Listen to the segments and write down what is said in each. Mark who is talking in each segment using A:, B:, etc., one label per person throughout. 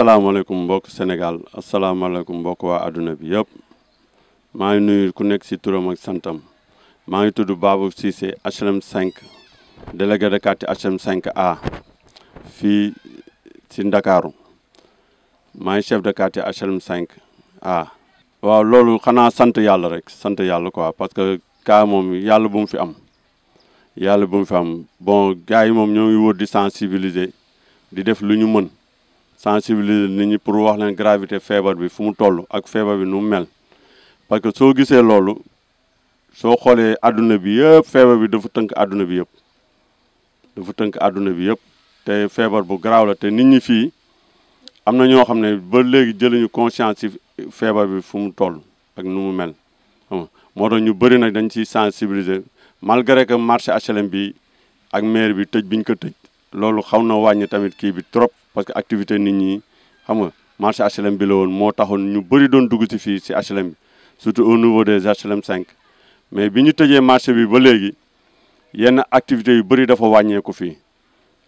A: asalaamaaleykum mbokk Sénégal asalaamaaleykum mbokk waa àdduna bi yëpp maa ngi nuyu ku nekk si turam ak santam maa ngi tudd Babou Cissé HLM 5 délégué de quartier HLM 5A fii si Ndakaaru maa ngi chef de quartier HLM 5A. waaw loolu xanaa sant yàlla rek sant yàlla quoi parce que cas moom yàlla bu mu fi am yàlla bu mu fi am bon gars yi moom ñoo ngi wër di sensibiliser di def lu ñu mën. sensibiliser nit ñi pour wax leen gravité feebar bi fu mu toll ak feebar bi nu mu mel parce que soo gisee loolu soo xoolee àdduna bi yëpp feebar bi dafa tënk àdduna bi yëpp dafa tënk àdduna bi yëpp te feebar bu garaaw la te nit ñi fii am na ñoo xam ne ba léegi jëluñu conscience ci feebar bi fu mu toll ak nu mu mel moo tax ñu bëri nag dañ ciy sensibiliser malgré que marché HLM bi ak maire bi tëj biñ ko tëj loolu xaw na wàññi tamit kii bi trop parce que activité nit ñi xam nga marché HLM bi la woon moo taxoon ñu bëri doon dugg ci fii si HLM bi surtout au niveau des HLM cinq mais bi ñu tëjee marché bi ba léegi yenn activités yu bëri dafa wàññeeku fii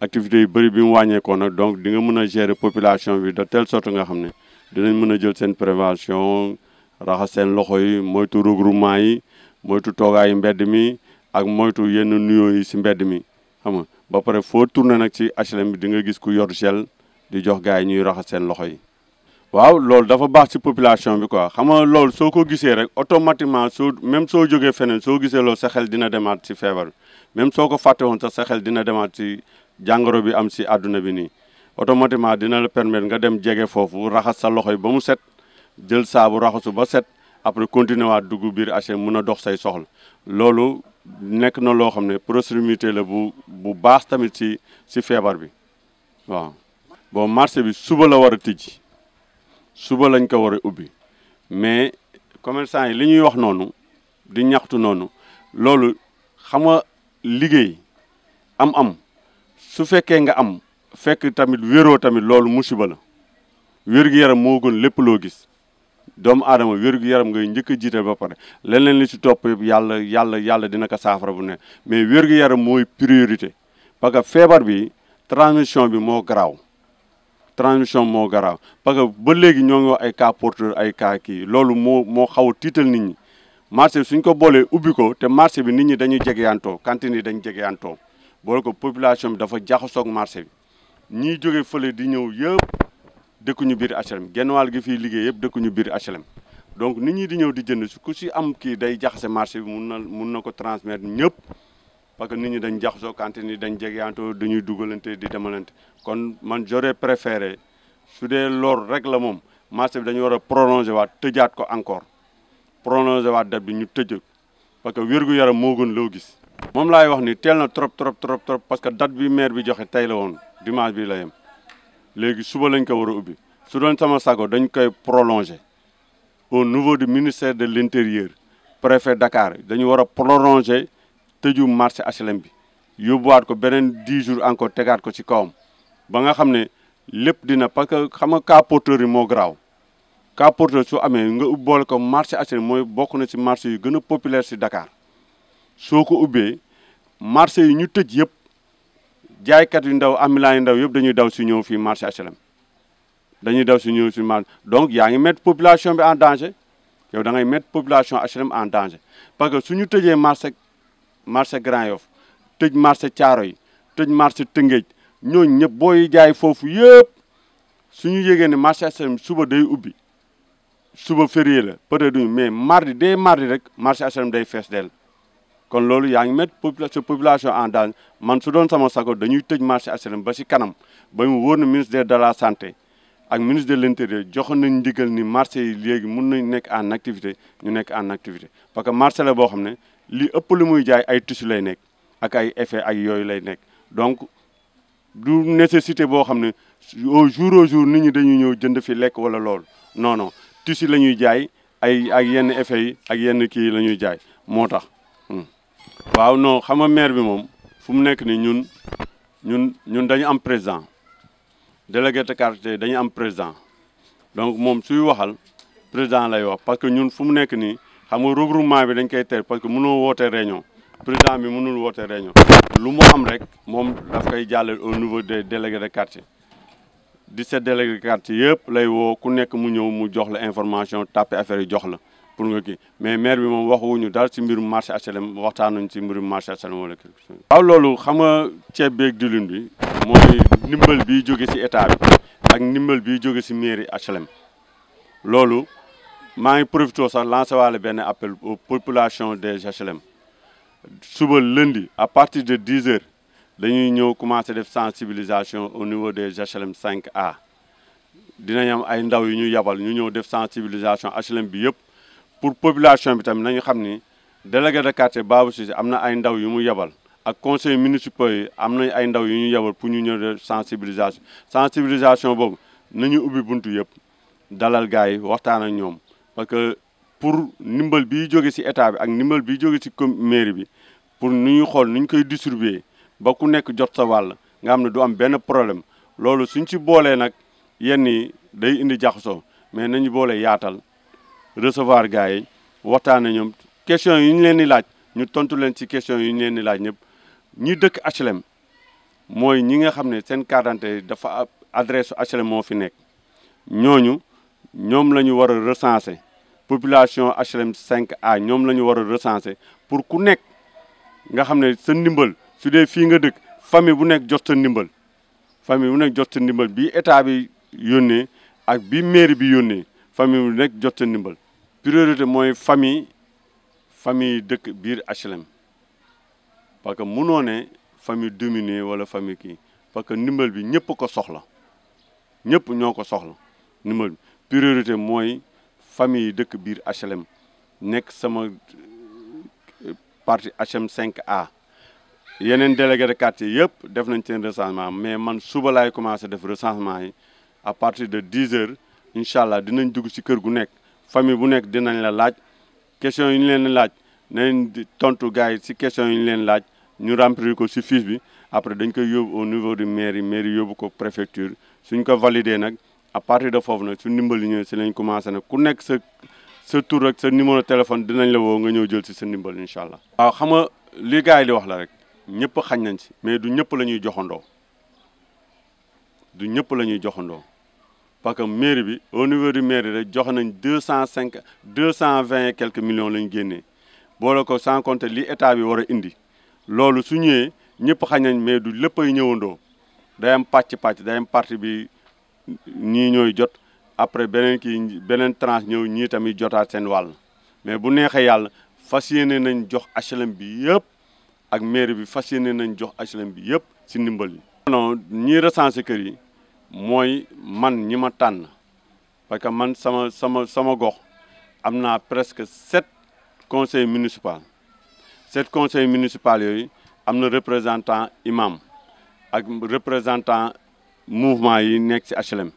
A: activités yu bëri bi mu wàññeekoo nag donc di nga mën a gérer population bi de telle sort nga xam ne dinañ mën a jël seen prévention raxas seen loxo yi moytu regroupement yi moytu toogaayu mbedd mi ak moytu yenn nuyoo yi si mbedd mi xam ba pare foo tourné nag ci HLM bi di nga gis ku yoru gel di jox gars yi ñuy raxas seen loxo yi. waaw loolu dafa baax si population bi quoi xam nga loolu soo ko gisee rek automatiquement soo même soo jógee feneen soo gisee loolu sa xel dina demaat ci feebar même soo ko fàtte woon sa xel dina demaat ci jàngoro bi am si àdduna bi nii automatiquement dina la permettre nga dem jege foofu raxas sa loxo yi ba mu set jël saabu raxasu ba set après continuer waat dugg biir HLM mun a dox say soxla loolu nekk na loo xam ne proximité la bu bu baax tamit si si feebar bi waaw bon marché bi suba la war a tijji suba lañ ko war a ubbi mais commerçant yi li ñuy wax noonu di ñaxtu noonu loolu xam nga liggéey am-am su fekkee nga am fekk tamit wéroo tamit loolu musiba la wér-gu-yaram moo gën lépp loo gis doomu aadama wér-gu-yaram ngay njëkk a jiital ba pare leneen li ci topp yëpp yàlla yàlla yàlla dina ko saafara bu ne mais wér-gu-yaram mooy priorité parce feebar bi transmission bi moo garaaw transmission moo garaaw parce que ba léegi ñoo ngi wax ay cas porteur ay cas kii loolu moo moo xaw tiital nit ñi marché suñ ko boolee ubbi ko te marché bi nit ñi dañuy jegeyantoo cantine yi dañu jegeyantoo bool ko population bi dafa jaxasoog marché bi ñiy jóge fële di ñëw yëpp dëkkuñu biir HLM genn wàll gi fi liggéey yëpp dëkkuñu biir HLM donc nit ñi di ñëw di jënd su ko si am kii day jaxase marché bi mun na mun na ko transmettre ñëpp parce que nit ñi dañ jaxasoo cantine yi dañ jegeyaantoo dañuy dugalante di demalante kon man j'aurais préféré su dee loolu rek la moom marché bi dañu war a prolongé waat tëjaat ko encore prolongé waat date bi ñu tëj parce que wér-gu-yaram moo gën loo gis. moom laay wax ni teel na trop trop trop trop parce que date bi maire bi joxe tey la woon dimanche bi la yem. léegi suba lañ ko war a ubbi su doon sama sago dañ koy prolonger au niveau de ministère de l'intérieur préfet Dakar dañu war a prolonger tëju marché HLM bi yóbbuwaat ko beneen 10 jours encore tegaat ko ci kawam ba nga xam ne lépp dina parce que xam nga cas porteur yi moo garaaw cas porteur su amee nga ubboole ko marché HLM mooy bokk na ci marché yi gën a populaire ci Dakar soo ko ubbee marché yi ñu tëj yëpp. jaaykat yu ndaw ambulant yu ndaw yëpp dañuy daw si ñëw fii marché HLM dañuy daw si ñëw si marché donc yaa ngi mettre population bi en danger yow da ngay mettre population HLM en danger parce que suñu tejee marché marché Grand Yoff tëj marché Thiaro yi tëj marché Tëngéej ñooñu ñëpp booy jaay foofu yëpp suñu yégee ne marché HLM suba day ubbi suba férié la peut-être mais mardi dès mardi rek marché HLM day fees dell kon loolu yaa ngi mettre sa population en danger man su doon sama sago dañuy tëj marché HLM ba si kanam ba mu wóor na ministère de la santé ak ministre de l' intérieur joxoon nañ ndigal ni marché yi léegi mun nañ nekk en activité ñu nekk en activité parce que marché la boo xam ne li ëpp lu muy jaay ay tissu lay nekk ak ay effet ak yooyu lay nekk donc du nécessité boo xam ne au jour au jour nit ñi dañuy ñëw jënd fi lekk wala lool non non tissu la ñuy jaay ay ak yenn effet yi ak yenn kii la ñuy jaay moo tax waaw non xam nga maire bi moom fu mu nekk nii ñun ñun ñun dañu am président délégué de quartier dañu am président donc moom suy waxal président lay wax parce que ñun fu mu nekk nii xam nga regroupement bi dañ koy ter parce que mënoo woote réunion président bi mënul wootee réunion lu mu am rek moom daf koy jàllale au niveau des délégués de quartier 17 délégués de quartier yëpp lay woo ku nekk mu ñëw mu jox la information tàppe affaire yi jox la pour mais maire bi moom waxuñu dara ci mbirum marché HLM waxtaanuñ ci mbirum marché HLM wala kii. waaw loolu xam nga ceeb beeg diwlin bi mooy ndimbal bi jóge si état ak ndimbal bi jóge ci mairie HLM loolu maa ngi profité sax lancé waale benn appel aux populations des HLM suba lundi à partir de 10 heures dañuy ñëw commencé def sensibilisation au niveau des HLM 5A dinañ am ay ndaw yu ñu yabal ñu ñëw def sensibilisation HLM bi yëpp. pour population bi tamit nañu xam ni délégué de quartier Babou Cissé am na ay ndaw yu mu yebal ak conseil municipal am nañ ay ndaw yu ñu yebal pour ñu ñëw de sensibilisation sensibilisation boobu nañu ubbi buntu yëpp dalal gars yi waxtaan ak ñoom parce que pour ndimbal bi jóge si état bi ak ndimbal bi jóge ci commune mairie bi pour nu ñu xool nu koy distribuer ba ku nekk jot sa wàll nga xam ne du am benn problème loolu suñ si boolee nag yenn yi day indi jaxasoo mais nañu boole yaatal recevoir gars yi waxtaan ñoom question yi ñu leen di laaj ñu tontu leen ci question yi ñu leen di laaj ñëpp ñi dëkk HLM mooy ñi nga xam ne seen dafa d'identité dafa adresse HLM moo fi nekk ñooñu ñoom la ñu war a recenser population HLM 5A ñoom la ñu war a recenser pour ku nekk nga xam ne sa ndimbal su dee fii nga dëkk famille bu nekk jot sa ndimbal famille bu nekk jot ndimbal bi état bi yónnee ak bi mairie bi yónnee famille bu nekk jot sa ndimbal priorité mooy famille famille dëkk biir HLM parce que munoone ne famille dominée wala famille kii parce que ndimbal bi ñëpp ko soxla ñëpp ñoo ko soxla ndimbal bi priorité mooy yi dëkk biir HLM nekk sama euh, parti HLM cinq a yeneen délégué de quartier yëpp def nañ seen recensement mais man suba laay commencé def recensement yi à partir de 10 heures incha allah dinañ dugg ci kër gu nekk. famille bu nekk dinañ la laaj question yu ñu leen laaj nañ tontu gars yi si question yu ñu leen laaj ñu remplir ko si fiche bi après dañ koy yóbbu au niveau du mairie mairie yóbbu ko préfecture suñ ko valider nag à partir de foofu nag su ndimbali ñu si nañ commencé nag ku nekk sa sa tur ak sa numéro téléphone dinañ la woo nga ñëw jël si sa ndimbal incha allah. waaw xam nga li gars yi di wax la rek ñëpp xañ nañ si mais du ñëpp la ñuy joxandoo du ñëpp la ñuy joxandoo. parce que mairie bi au niveau du mairie rek jox nañ deux cent cinq deux cent vingt et quelques millions la ñu génnee boole ko sans compter li état bi war a indi loolu su ñëwee ñëpp xañ nañ mais du lépp ay ñëwandoo day am pàcc-pàcc day am parti bi ñii ñooy jot après beneen kii beneen tranche ñëw ñii tamit jotaat seen wàll mais bu neexee yàlla fas yéene nañ jox HLM bi yëpp ak mairie bi fas yéene nañ jox HLM bi yëpp si ndimbal yi. non ñii kër yi. mooy man ñi ma tànn parce que man sama sama sama gox am naa presque set conseil municipal sept conseil municipal yooyu am na représentant imam ak représentant mouvement yi nekk si HLM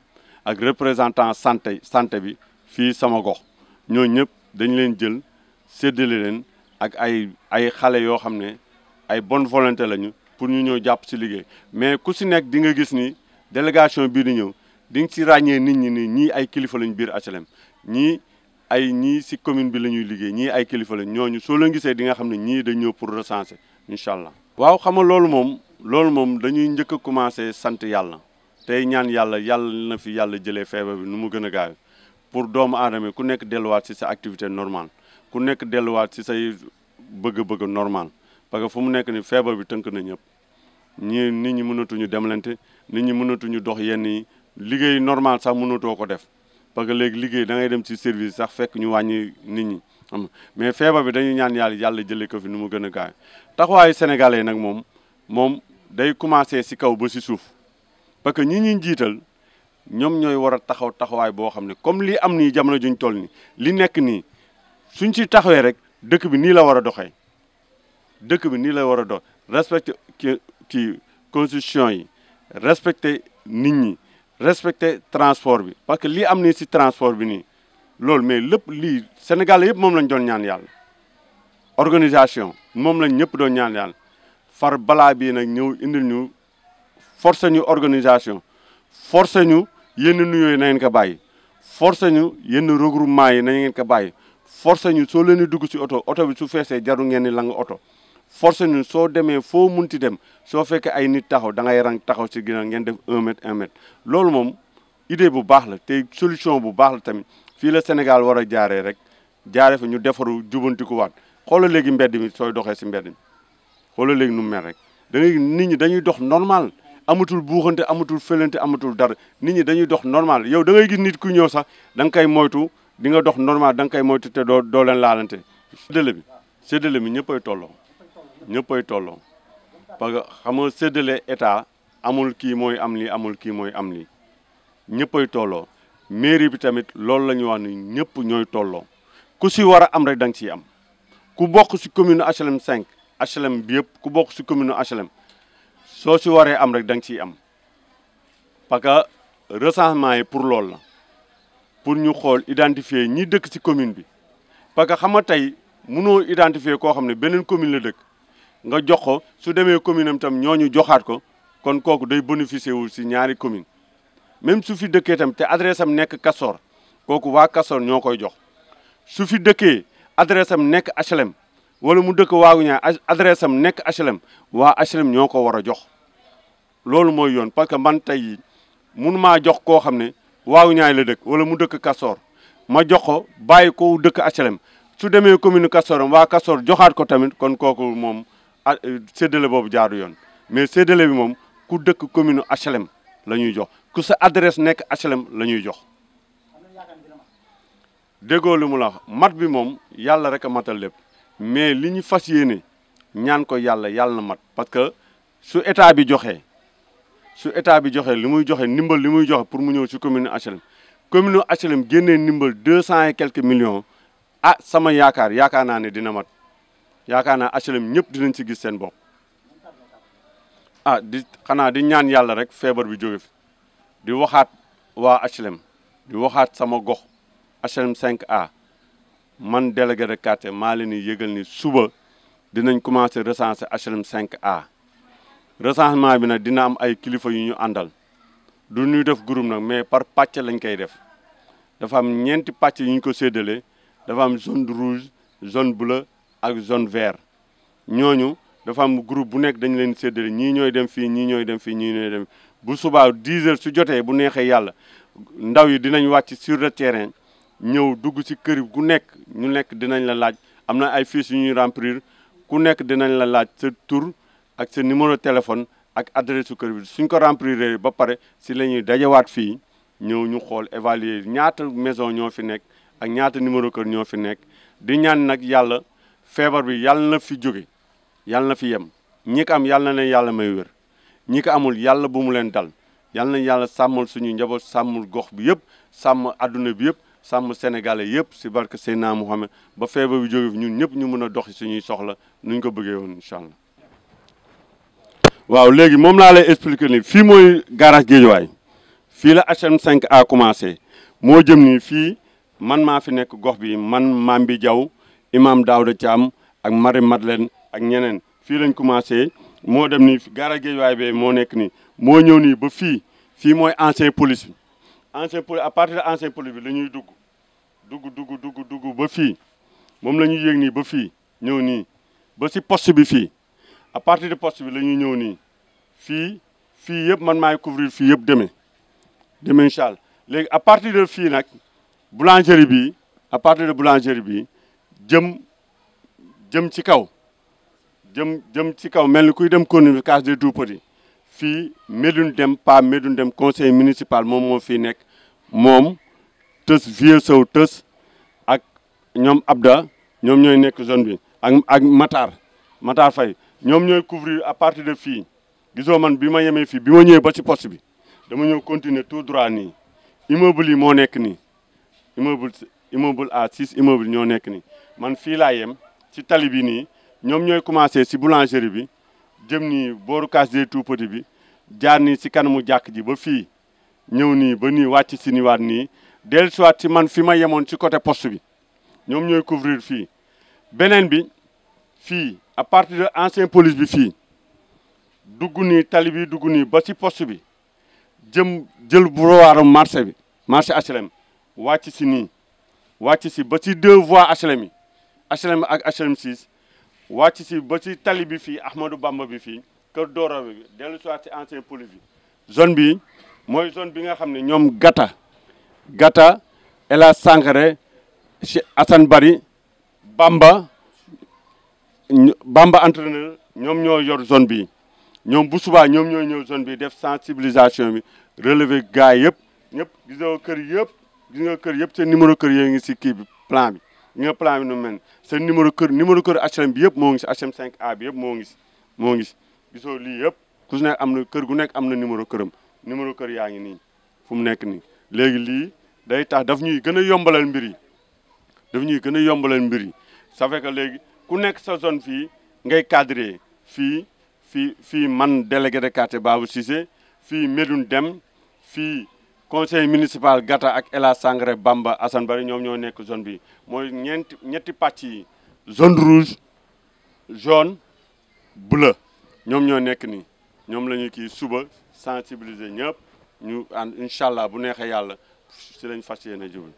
A: ak représentant santé santé bi fii sama gox ñoo ñëpp dañ leen jël séddale leen ak ay ay xale yoo xam ne ay bonne volonté lañu pour ñu ñëw jàpp si liggéey mais ku ci nekk di nga gis ni délégation bii di ñëw di nga ci ràññee nit ñi ni ñii ay kilifa lañ biir HLM ñii ay ñii si commune bi la ñuy liggéey ñii ay kilifa lañ ñooñu soo leen gisee di nga xam ne ñii dañ ñëw pour recenser incha allah. waaw xam nga loolu moom loolu moom dañuy njëkk a commencé sant yàlla tey ñaan yàlla yàlla na fi yàlla jëlee feebar bi nu mu gën a gaaw pour doomu aadama ku nekk delluwaat si sa activité normal ku nekk delluwaat si say bëgg-bëgg normal parce que fu mu nekk ni feebar bi tënk na ñëpp ñii nit ñi mënatuñu demlante nit ñi mënatuñu dox yenn yi liggéey normal sax mënatoo ko def parce que léegi liggéey da ngay dem ci service sax fekk ñu wàññi nit ñi am mais feebar bi dañuy ñaan yàlla yàlla jëlee ko fi nu mu gën a gaaw taxawaayu sénégalais nag moom moom day commencé si kaw ba si suuf parce que ñi ñuy jiital ñoom ñooy war a taxaw taxawaay boo xam ne comme li am nii jamono juñ toll nii li nekk nii suñ ci taxawee rek dëkk bi nii la war a doxee dëkk bi nii la war a dox respecté ci constitution yi. respecter nit ñi respecter transport bi parce que lii am nii si transport bi nii loolu mais lépp lii Sénégal yëpp moom lañ doon ñaan yàlla organisation moom lañ ñëpp doon ñaan yàlla far balaa bii nag ñëw indil ñu forcé ñu organisation forcé ñu yenn nuyoo yi na ngeen ko bàyyi forcé ñu yenn regroupement yi na ngeen ko bàyyi forcé ñu soo leen di dugg si oto oto bi su feesee jaru ngeen ni lang oto force ñun soo demee foo mun ti dem soo fekkee ay nit taxaw da ngay rang taxaw si ginaa ngeen def un mètre loolu moom idée bu baax la te solution bu baax la tamit fii la Sénégal war a jaaree rek jaaree fa ñu defaru jubantikuwaat xoolal léegi mbedd mi sooy doxee si mbedd mi xoolal léegi nu mu mel rek da ngay nit ñi dañuy dox normal amatul buuxante amatul fëlante amatul dara nit ñi dañuy dox normal yow da ngay gis nit ku ñëw sax danga nga koy moytu di nga dox normal da nga koy moytu te doo doo leen laalante séddale bi séddale bi ñëppay tolloo ñëppay tolloo parce que xam nga séddale état amul kii mooy am lii amul kii mooy am lii ñëppay tolloo mairie bi tamit loolu la ñu wax ni ñëpp ñooy tolloo ku si war a am rek da nga ciy am ku bokk si commune HLM 5 HLM bi yëpp ku bokk si commune HLM soo si waree am rek da nga ciy am parce que recensement yi pour loolu la pour ñu xool identifier ñi dëkk si commune bi parce que xam nga tey mënoo identifier koo xam ne beneen commune la dëkk nga jox ko su demee commune am ñoo ñu joxaat ko kon kooku day bénéficier wu si ñaari commune même su fi dëkkee tam te adresse am nekk Castor kooku waa Castor ñoo koy jox su fi dëkkee adresse am nekk HLM wala mu dëkk waaguñaa adresse am nekk HLM waa HLM ñoo ko war a jox loolu mooy yoon parce que man tey mun maa jox koo xam ne waaguñaay la dëkk wala mu dëkk Castor ma jox ko bàyyi ko dëkk HLM su demee commune Castor waa Castor joxaat ko tamit kon kooku moom Euh, séddale boobu jaaru yoon mais séddale bi moom ku dëkk commune HLM la ñuy jox ku sa adresse nekk HLM la ñuy jox déggoo lu mu la mat bi moom yàlla rek a matal lépp mais li ñu fas yéene ñaan ko yàlla yàlla na mat parce que su état bi joxee su état bi joxe li muy joxe ndimbal li muy joxe pour mu ñëw si commune HLM commune HLM génnee ndimbal deux cent et quelques millions ah sama yaakaar yaakaar naa ne dina mat yaakaar naa HLM ñëpp dinañ si gis seen bopp ah di xanaa di ñaan yàlla rek feebar bi jóge fi di waxaat waa HLM di waxaat sama gox HLM 5A man délégué de quartier maa leen di yëgal ni suba dinañ commencé recenser HLM 5A recensement bi nag dina am ay kilifa yu ñu àndal du ñuy def groupe nag mais par pàcc lañ koy def dafa am ñeenti pàcc yu ñu ko séddalee dafa am zone rouge zone bleue. ak zone ver ñooñu dafa am groupe bu nekk dañ leen séddale ñii ñooy dem fii ñii ñooy dem fii ñii ñooy dem bu subaa 10 heures su jotee bu neexee yàlla ndaw yi dinañ wàcc sur le terrain ñëw dugg ci kër gu nekk ñu nekk dinañ la laaj am na ay fiches yu ñuy remplir ku nekk dinañ la laaj sa tur ak sa numéro téléphone ak adresse su kër bi suñ ko remplir ba pare si la ñuy dajawaat fii ñëw ñu xool évaluer ñaata maison ñoo fi nekk ak ñaata numéro kër ñoo fi nekk yàlla. feebar bi yàlla na fi jóge yàlla na fi yem ñi ko am yàlla na leen yàlla may wér ñi ko amul yàlla bu mu leen dal yàlla na yàlla sàmmul suñu njaboot sàmmul gox bi yëpp sàmm àdduna bi yëpp sàmm sénégalais yëpp si barke Seydina Mohamed ba feebar bi jóge fi ñun ñëpp ñu mën a doxi suñuy soxla nuñ ko bëggee woon incha allah. waaw léegi moom laa lay expliquer ni fii mooy garage Guédiawaye fii la HM5 a commencé moo jëm ni fii man maa fi nekk gox bi man Mambi Diaw imam Daouda Thiam ak Marie Madeleine ak ñeneen fi lañ commencé mo dem ni gaara Guédiawaye bee mo nek ni mo ñëw ni ba fi fi moy ancien police ancien police à partir de ancien police bi lañuy dugg dugg dugg dugg dugg ba fi mom lañuy yegg ni ba fi ñëw ni ba ci poste bi fi à partir de poste bi lañuy ñuy ñëw nii fi fii yëpp man may couvrir fi yëpp demee demee incha légui léegi à partir de fi nak boulangerie bi à partir de boulangerie bi jëm jëm ci kaw jëm jëm ci kaw mel ni kuy dem commune case des tout-petits fii Medoune Deme pa Medoune Deme conseil municipal moom moo fii nekk moom tës vieux sow tës ak ñoom Abda ñoom ñooy nekk zone bi ak ak Matar Matar Faye ñoom ñooy couvrir à partir de fii gisoo man bi ma yemee fii bi ma ñëwee ba ci poste bi dama ñëw continuer tout droit ni immeuble moo nekk nii immeuble immeuble A six immeuble ñoo nekk nii man fii laa yem ci tali bi nii ñoom ñooy commencé si boulangerie bi jëm nii booru Case des bi jaar nii si kanamu jàkk ji ba fii ñëw nii ba nii wàcc si niwaat nii dellu siwaat si man fi ma yemoon ci côté poste bi ñoom ñooy couvrir fii beneen bi fii à partir de ancien police bi fii dugg nii tali dugg nii ba ci poste bi jëm jël boulevardu marché bi marché HLM wàcc si nii wàcc ba ci deux voies HLM HLM ak HLM 6 wàcc si ba ci Ahmadou Bamba bi fii Kër Dora bi ancien police zone bi mooy zone bi nga xam Gata Gata El Hadj Sangaré Assane Bari Bamba Bamba entraîneur ñoom ñoo yor zone bi ñoom bu subaa ñoom ñooy ñëw zone bi def sensibilisation bi relever gars yëpp ñëpp gisoo kër yëpp gis nga kër yëpp seen numéro kër yooyu ngi si kii bi plan bi gis nga plan bi nu mel seen numéro kër numéro kër HLM bi yëpp moo ngi si HLM cinq a bi yëpp moo ngi si moo ngi si gisoo lii yëpp ku si nekk am na kër gu nekk am na numéro këram numéro kër yaa ngi nii fu mu nekk nii léegi lii day tax daf ñuy gën a yombalal mbir yi daf ñuy gën a yombalal mbir yi ça que léegi ku nekk sa zone fii ngay cadré fii fii fii man délégué de quartier Babou Cissé fii Medoune Deme conseil municipal Gata ak El Hadj Bamba Assane Bari ñoom ñoo nekk zone bi mooy ñeenti ñetti pàcc yi zone rouge jaune bleu ñoom ñoo nekk ni ñoom la ñu kii suba sensibiliser ñëpp ñu ànd incha allah bu neexee yàlla si lañ fas yéene jubal